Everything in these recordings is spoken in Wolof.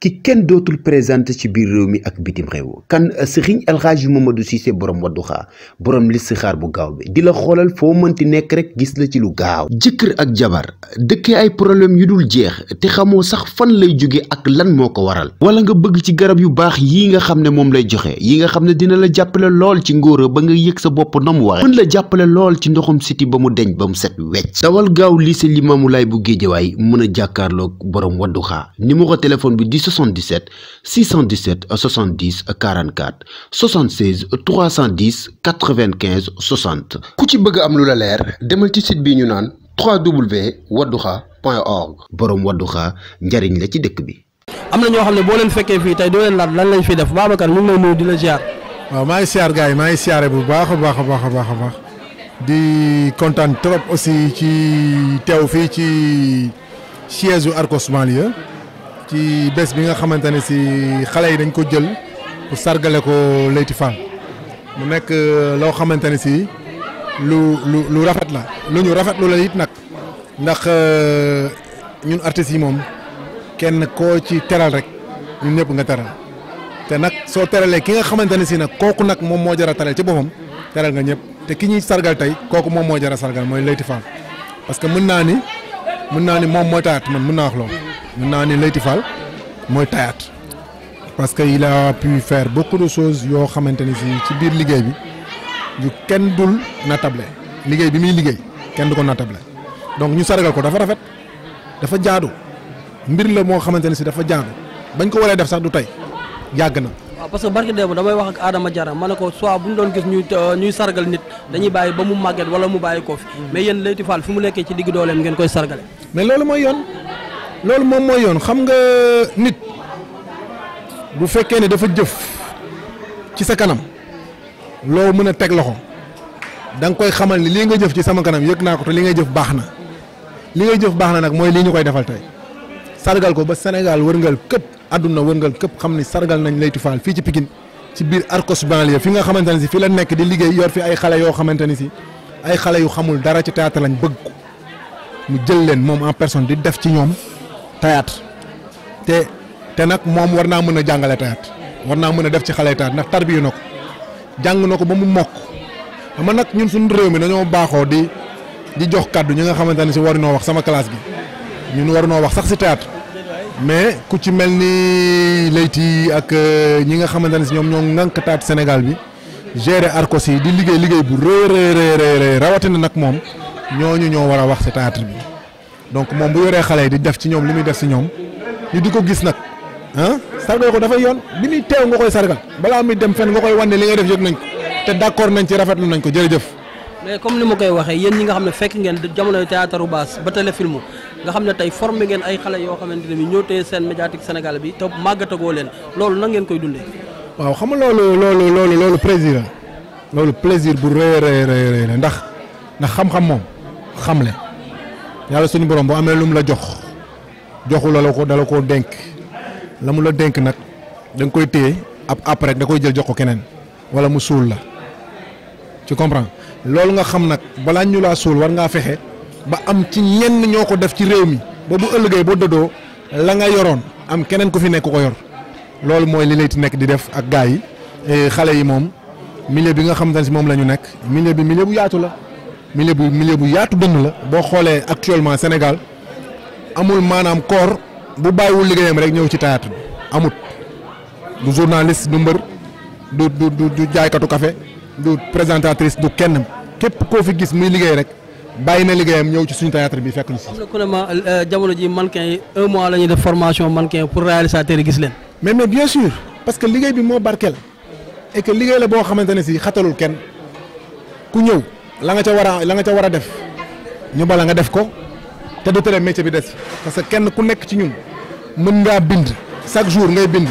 ki kenn dootul présenté ci biir réew mi ak bitim réew kan euh, Serigne El Hadji Mamadou Cissé borom Wadduha borom xaar bu gaaw bi di la xoolal foo mënti nekk rek gis la ci lu gaaw. jëkkër ak jabar dëkkee ay problème yu dul jeex te xamoo sax fan lay jóge ak lan moo ko waral wala nga bëgg ci garab yu baax yii nga xam ne moom lay joxe yi nga xam ne dina la jàppale lool ci ngóora ba nga yëg sa bopp na mu mën la jàppale lool ci ndoxum siti ba mu deñ ba mu set wecc. dawal gaaw lycée lay bu Géejawaay mën a jàkkaarloog borom Wadduha numéro téléphone bi 77 617 70 44 76 310 95 60. ku ci bëgg am lu la leer demal ci site bi ñu naan www.wadduha.org. borom wadduha njariñ la ci dëkk bi. am na ñoo xam ne boo leen fekkee fii tey doo leen laaj lan lañ fi def Babacar ñu ngi lay nuyu di la ziar. waaw maa ngi ziar gars yi maa ngi ziare bu baax a baax a di kontaan trop aussi ci teew fii ci siège Arcos ci bes bi nga xamante si xale yi dañ ko jël pour sargale ko Leyti fan mu nekk euh, loo si lu lu lu rafet la lu ñu lu la it nak ndax euh, ñun artistes yi moom kenn koo ci teral rek ñun ñëpp nga teral te nag soo teralee ki nga si nak kooku nag moom moo jar a teral ci boppam teral nga ñëpp te ki ñuy sargal tey kooku moom moo jar a sargal mooy Leyti Fall parce que mën naa ni mën ni taat man mën wax Nani ne Fall moi tayat. parce que il a pu faire beaucoup de choses yo xamante ni si ci biir liggéey bi ñu kenn dul natable liggéey bi mi liggéey kenn du ko natable donc ñu sargal ko dafa rafet dafa jaadu mbir la moo xamante ne si dafa jaadu bañ ko waree def sax du tey yàgg na parce que barke dem damay wax ak Adama Diarra manako ne buñ doon gis ñuy euh, ñuy sargal nit dañuy bayyi ba mu màgget wala mu bayyi ko fi mais yeen Leyti Fall fimu mu ci digg dolem ngeen koy sargale mais lolu moy yoon loolu moom mooy yoon xam nga nit bu fekkee ne dafa jëf ci sa kanam loo mën a teg loxo da nga koy xamal ni lii nga jëf ci sama kanam yëg naa ko te li ngay jëf baax na li ngay jëf baax na nag mooy lii ñu koy defal tey sargal ko ba Sénégal wërngal këpp àdduna wërngal këpp xam ni sargal nañ Leyti Fall fii ci Pikine ci biir Arcos banlieue fi nga xamante ne si fii la nekk di liggéey yor fi ay xale yoo xamante ni si ay xale yu xamul dara ci théâtre lañ bëgg ko mu jël leen moom personne di def ci ñoom tayaat te te nag moom war naa mën a jàngale tayaat war naa mën a def ci xale tayaat ndax tarbiyu na ko jàng na ko ba mu mokk xam nag ñun suñu réew mi dañoo baaxoo di di jox kàddu ñi nga xamante ne war waruñoo wax sama classe bi ñun noo wax sax si théâtre mais ku ci mel ni layti ak euh, ñi nga xamante ne si ñoom ñoo ŋànk théâtre Sénégal bi gérer arcos yi di liggéey liggéey bu rëy rëy rawatina nag moom ñooñu ñoo war a wax si théâtre bi. donc moom bu yoree xale yi di def ci ñoom lu muy def ci ñoom ñu di ko gis nag ah sargal ko dafay yoon bi muy teew nga koy sargal balaa muy dem fen nga koy wan li ngay def yëg nañ ko te d'accord nañ ci rafetlu nañ ko jërëjëf. mais comme ni ma koy waxee yéen ñi nga xam ne fekk ngeen jamonoy théâtre baas ba téléfilm nga xam ne tey formé ngeen ay xale yoo xamante ne bi ñoo téye seen médiatique Sénégal bi te màggatagoo leen loolu nan ngeen koy dundee. waaw xam nga loolu loolu loolu loolu plaisir loolu plaisir bu rëy a rëy rëy la xam-xam yàlla suñu borom bu amee lu mu la jox joxu la la ko dala koo dénk la mu la dénk nag da koy téye ab après da koy jël jox ko keneen wala mu suul la ci comprends loolu nga xam nag balaa ñu laa suul war ngaa fexe ba am ci ñenn ñoo ko def ci réew mi ba bu ëllëgee boo dëddoo la nga yoroon am keneen ku fi nekk ko yor loolu mooy li lay nekk di def ak gars yi eh, xale yi moom milieu bi nga xam ne si moom la ñu nekk milieu bi milieu bu yaatu la. milieu bu milieu bu yaatu dënn la boo xoolee actuellement Sénégal amul maanaam corps bu bàyyiwul liggéeyam rek ñëw ci théâtre bi amut du journaliste du mbër du du du jaaykatu kafe du présentatrice du kenn képp koo fi gis muy liggéey rek bàyyi na liggéeyam ñëw ci suñu théâtre bi fekk ñu si. am na ku ne euh, ji mannequin yi un mois la ñuy def formation pour réalisateur yi gis leen. mais mais bien sûr parce que liggéey bi moo barkeel et que liggéey la boo xamante ne si xatalul kenn ku ñëw. la nga Il wara a la nga a def ñu bala nga def ko te du métier parce que kenn ku sont ci ñun chaque jour ngay bind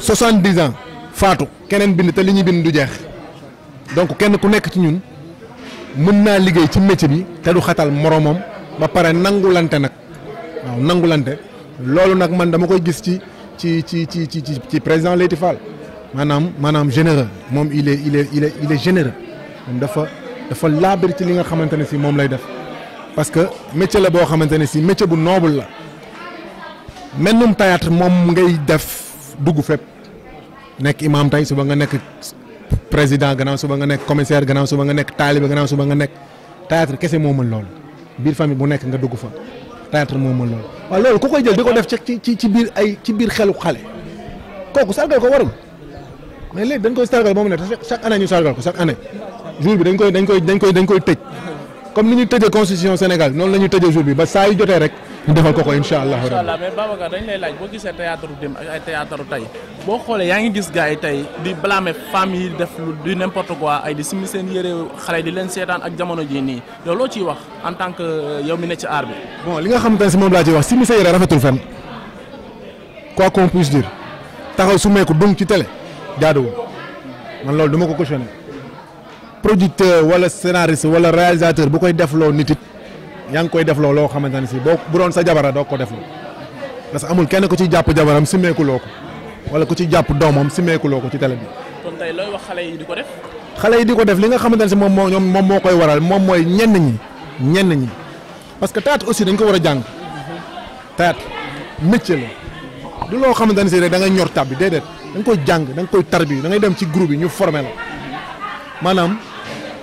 soixante ans keneen bind te bind du jeex donc kenn ku sont ci ñun mën naa liggéey ci métier bi te du xatal moromam ba nangulante nangulante man dama président il est il il est généreux dafa labir ci li nga xamantene ci si lay def parce que métier la bo xamantene ci si métier bu noble la mennum théâtre mom ngay def dugg fep nek imam tay suba nga nek président gannaaw suba nga nek commissaire gannaaw suba nga nek talib gannaaw suba nga nek théâtre kessé moma lool bir biir famille bu nek nga dugg fa théâtre moma lool wa lool ku koy jël diko def ci ci ci bir ay ci bir xelu xale kooku sargal ko warul mais lé dañ koy sargal mom né chaque année ñu sargal ko chaque année jour bi dañ koy dañ koy dañ koy dañ koy tëj comme ni ñu tëjee constitution Sénégal noonu la ñu tëjee jour bi ba saa yu jotee rek ñu defal ko ko incha allah. incha allah mais Babacar dañ lay laaj boo gisee théâtre dem ak ay théâtre tey boo xoolee yaa ngi gis gars yi tey di blâmer femme yi def lu di n'importe quoi ay di simi seen yére xale di leen seetaan ak jamono jii nii yow loo ciy wax en tant que euh, yow mi ne ci aar bi. li nga xam ne si moom laa ciy wax simi sa yére rafetul fenn quoi qu'on puisse dire taxaw su meeku dung ci télé jaaduwul loolu duma ko cautionné producteur wala scénariste wala réalisateur bu koy defloo nit it koy deflo lo xamante ne si boo bu don sa jabara do ko defloo parce que amul kenn ko ci japp jabaram simeekuloo loko wala ko ci japp domam simeekuloo loko ci télé bi. kon tay loy wax xalé yi diko def. xalé yi diko def li nga xamante si moom mom ñoom koy waral mom moy ñenn ñi ñenn ñi parce que théâtre aussi dañ ko wara jang jàng théâtre métier la du lo xamante si rek da nga ñor tab bi déedéet da koy koy tarbi da ngay dem ci groupe bi ñu formé la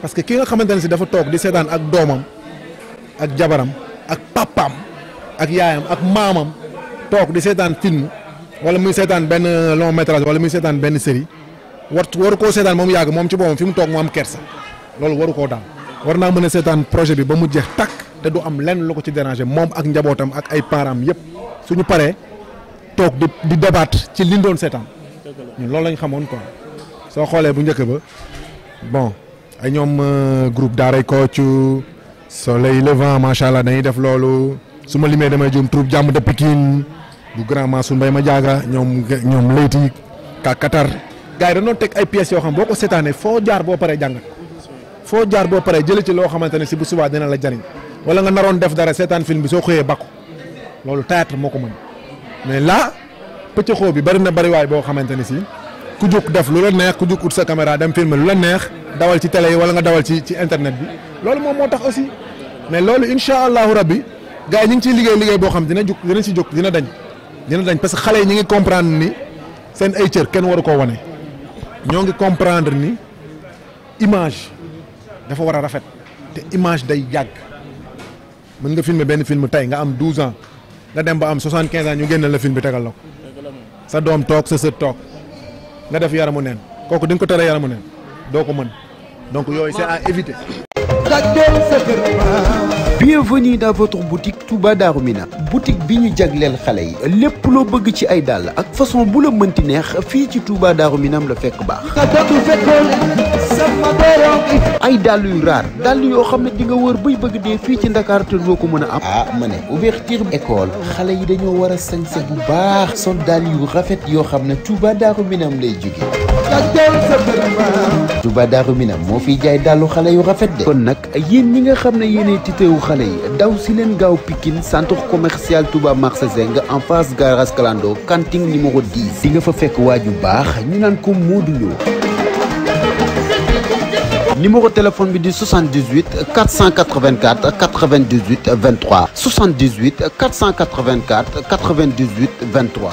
parce que ki nga xamanteni ci dafa tok di sétane ak domam ak jabaram ak papam ak yaayam ak mamam tok di sétane film wala muy sétane ben long métrage wala muy sétane ben série war war ko sétane mom yag mom ci boppam fim tok mo am kersa lolou waru ko dal war naa mën a projet bi ba mu jeex tak te du am lenn lu ko ci déranger mom ak njabotam ak ay param yep suñu paré tok di di débattre ci liñ doon seetaan ñun lolou lañ xamone quoi so xolé bu ba bon ay ñoom eh, groupe daaray koocu soleil levant macha allah dañuy def lolu suma limé damay jum troupe jamm de Pikine bu grand ma Mbaye ma jaga ñom ñom layti ka Qatar gaay da no tek ay pièces yo xam boko sétané fo jaar bo paré jàngat fo jaar bo paré jël ci lo xamantene ci bu suba dina la jarign wala nga naron def dara sétane film bi so xoyé bakku lolu théâtre moko ko mën mais là pëccëxoo bi bari na bari way bo ne ci ku juk def lu la neex ku juk ut sa caméra dem film lu la neex dawal ci télé wala nga dawal ci ci internet bi loolu mo motax aussi mais loolu inshallah rabbi liga ñing ci liggéey liggéey bo xam dina juk dina ci juk dina dañ dina dañ parce que xalé ñi ngi comprendre ni sen ay cieur kenn waru ko ñoo comprendre ni image dafa wara rafat, rafet te image day yag mën nga filmer ben film tay nga am 12 ans nga dem ba am 75 ans ñu la film bi tegal lako sa dom tok sa se tok nga def yaramu nen koku ding ko tere yaramu nen doo ko donc yooyu c'est à éviter. Bienvenue dans votre boutique Touba Darou boutique bi ñu jagleel xale yi lépp loo bëgg ci ay dàll ak façon bu la mënti neex ci Touba Darou Minam la fekk baax ay dàll yu raar dàll yoo xamne ne di nga wër bay bëgg dé fi ci Dakar te doo ko mën am ah mané ouverture école xalé yi dañoo wara a sañse bu baax sol dàll yu rafet yo xamne Touba Darou Minam lay jóge Touba Darou Minam moo fiy jaay dalu xalé yu rafet de kon nak yeen ñi nga xam ne yéenay titeewu xale yi daw si leen gaaw Pikine centre commercial Touba marché Zeng en face garage Kalando kanting numéro 10 di nga fa fekk waa ju baax ñu nan ko Modou Lo numéro téléphone bi 78 484 98 23 78 484 98 23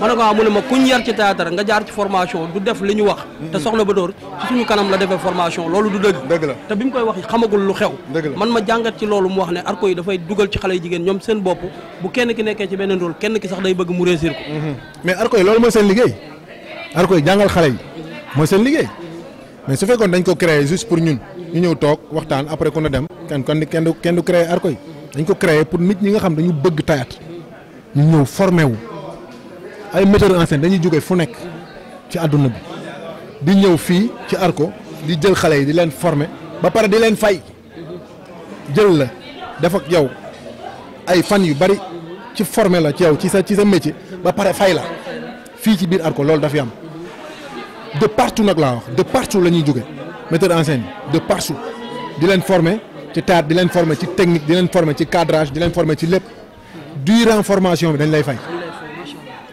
ma ko amul ah, ma kuñ yar ci théâtre nga jaar ci formation du def liñu wax te mm-hmm. soxna ba dóor ci suñu kanam la defee formation lolu du deug deug la te bimu koy wax xamagul lu xew man ma jangat ci lolu mu wax ne arko yi fay dugal ci xalé jigen ñom seen bop bu kenn ki nekké ci benen rôle kenn ki sax day bëgg mu réussir ko mm-hmm. mais arko yi lolu mooy seen liggéey arko yi jangal xalé yi mooy seen liggéey mais su fekkon dañ ko créer juste pour ñun ñu ñëw tok waxtaan après ko na dem kan kan kenn du kenn du créer arko yi dañ ko créer pour nit ñi nga xam dañu bëgg théâtre ñu ñëw formé wu ay metteurs en scène dañuy jóge fu nek ci aduna bi di ñew fi ci Arco di jël xalé yi di leen former ba paré di leen fay jël la def ak yow ay fan yu bari ci former la ci yow ci sa ci sa métier ba paré fay la fi ci bir Arco loolu dafi am de partout nak la wax de partout la ñuy jóge metteur en scène de partout di leen former ci taat di leen former ci technique di leen former ci cadrage di leen former ci lépp durant formation bi dañ lay fay.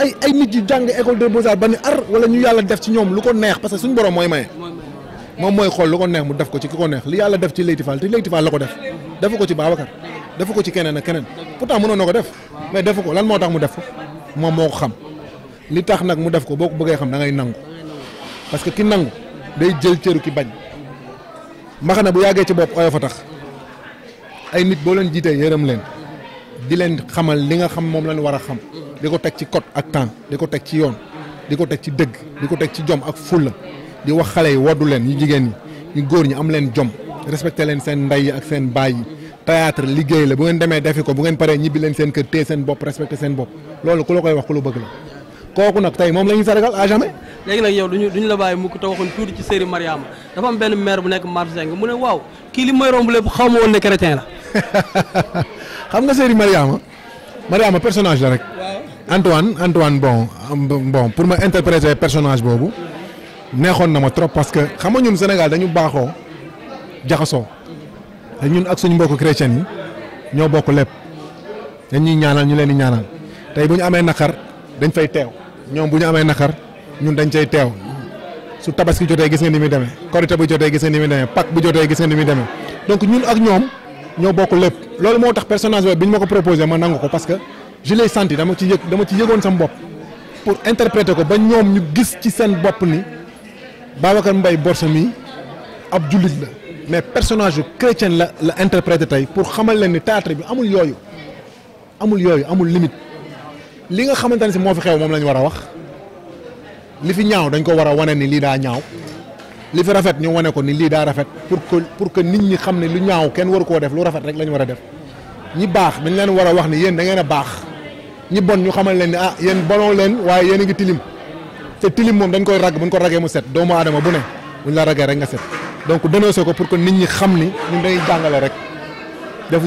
ay ay nit yu jàng école des beaux ba ni ar wala ñu yàlla def ci ñoom lu ko neex parce que suñu borom mooy maye. moom mooy xool lu ko neex mu def ko ci ki ko neex li yàlla def ci Leyti Fall te la ko def. defu ko ci Babacar defu ko ci keneen ak keneen pourtant mënoon na ko def mais defu ko lan moo tax mu def ko moom moo ko xam li tax nag mu def ko boo ko bëggee xam da ngay nangu parce que ki nangu day jël cëru ki bañ maxana bu yàggee ci bopp oyo fa tax ay nit boo leen jiitee yërëm leen. di leen xamal li nga xam moom la lañ war a xam di ko teg ci code ak temps di ko teg ci yoon di ko teg ci dëgg di ko teg ci jom ak fulla di wax xale yi woddu leen ñu jigéen ñi ñu góor ñi am leen jom respecté leen seen ndey yi ak seen baay yi théâtre liggéey la bu ngeen demee defi ko bu ngeen paree ñibbi leen seen kër téye seen bopp respecté seen bopp loolu ku la koy wax ku la bëgg la kooku nag tey moom la ñuy à jamais léegi nag yow duñu duñu la bàyyi mukk te waxoon tuuti ci série Mariama dafa am benn nekk Mar Seng mu ne waaw kii li may romb lépp xaw ma woon ne chrétien la xam nga série Mariama Mariama personnage la rek. Antoine Antoine bon bon pour ma interpréter personnage bobu nekhon na ma trop parce que xam nga ñun Sénégal dañu baxo jaxaso te ñun ak suñu mbokk chrétien yi ño bokk lepp dañ ñuy ñaanal ñu leen di ñaanal tay buñu amé nakar dañ fay tew ñom buñu amé nakar ñun dañ cey tew su tabaski jotee gis nga ni mi démé bu gis nga ni mi démé pak bu jotee gis nga ni mi démé donc ñun ak ñom ñoo bokk lepp lolou moo tax personnage boobu bi ñu ma ko proposé ma parce que je l'ai senti dama ci yëg dama ci yëgoon sama bop pour interpréter ko ba ñom ñu gis ci sen bop ni Babacar mbay borsami ab julit la mais personnage chrétien la la interprété tay pour xamal leen ni théâtre bi amul yooyu amul yooyu amul limite li nga xamantani ci si fi xew mom la wara wax li fi ñaaw dañ ko wara wone ni li da ñaaw li fi rafet ñu woné ko ni li da rafet pour que pour que nit ñi xamné lu ñaaw kenn waru ko def lu rafet rek lañu wara def ñi bax dañ leen wara wax ni yeen da ñi bon ñu xamal leen ni ah yeen bono leen waye yeen a ngi tilim te tilim mom dañ koy rag buñ ko ragé mu set doomu adama bu né buñ la ragé rek nga set donc dénoncé ko pour que nit ñi xam ni ñu day jangalé rek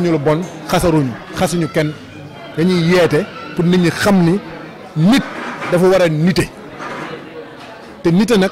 ñu lu bon kenn dañuy yété pour nit ñi xam ni nit dafa wara nité té te nak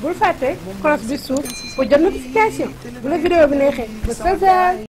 Vous fàtte vous la ou pour notification pour la vidéo